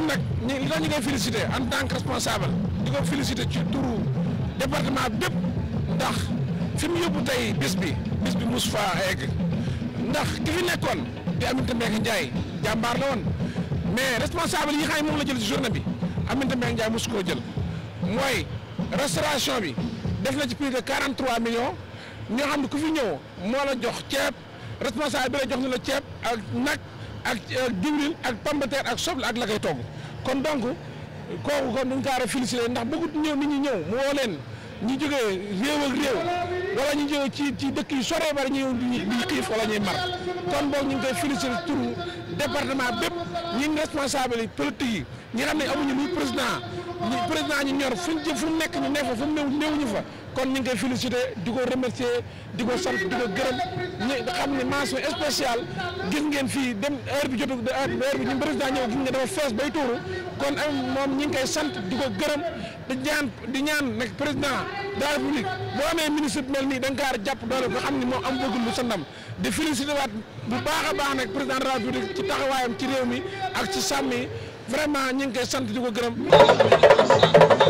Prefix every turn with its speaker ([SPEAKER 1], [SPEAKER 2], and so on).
[SPEAKER 1] ñoom nag ñu li tax ñu koy félicité en tant responsable di ko félicité ci turu département bépp ndax fi mu yóbbu tey bis bi bis bi mos faa egg ndax ki fi nekkoon di Aminata Mbengue Ndiaye jàmbaar la woon mais responsable yi xam moom la jël ci journée bi Aminata Mbengue Ndiaye mos koo jël mooy restauration bi def na ci plus de 43 millions ñoo xam ne ku fi ñëw moo la jox ceeb responsable bi la jox na la ceeb ak nag ak diwlin ak pambateer ak soble ak la koy togg kon donc kooku kon dañ ko war a félicité ndax bëggut ñëw nit ñi ñëw mu woo leen ñu jógee réew ak réew wala ñu jógee ci ci dëkk yi soree bari ñu ñuy xiif wala ñuy mar kon boog ñu ngi koy félicité turu département bépp ñi responsable yi politique yi ñi xam ne amuñu lu président président ñu ñor fuñ jë fu mu nekk ñu ne fa fu mu néew néew ñu fa kon ñu ngi koy félicité di ko remercier sant di ko gërëm ñu xam ne mention spéciale gis ngeen fii dem heure bi jotu heure bi ñu président ñëw gis nga dafa fees bay tuuru kon moom ñu ngi koy sant di ko gërëm di ñaan di ñaan nag président de la boo amee ministre mel nii da kaar jàpp doole ko xam ne moom am bëggul lu sa ndam di félicité waat bu baax a baax nag président de la république ci taxawaayam ci réew mi ak ci sàmm yi vraiment ñu ngi koy sant di ko gërëm.